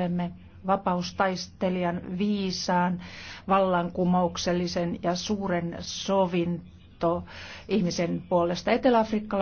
olemme vapaustaistelijan viisaan, vallankumouksellisen ja suuren sovinto ihmisen puolesta. Etelä-Afrikkala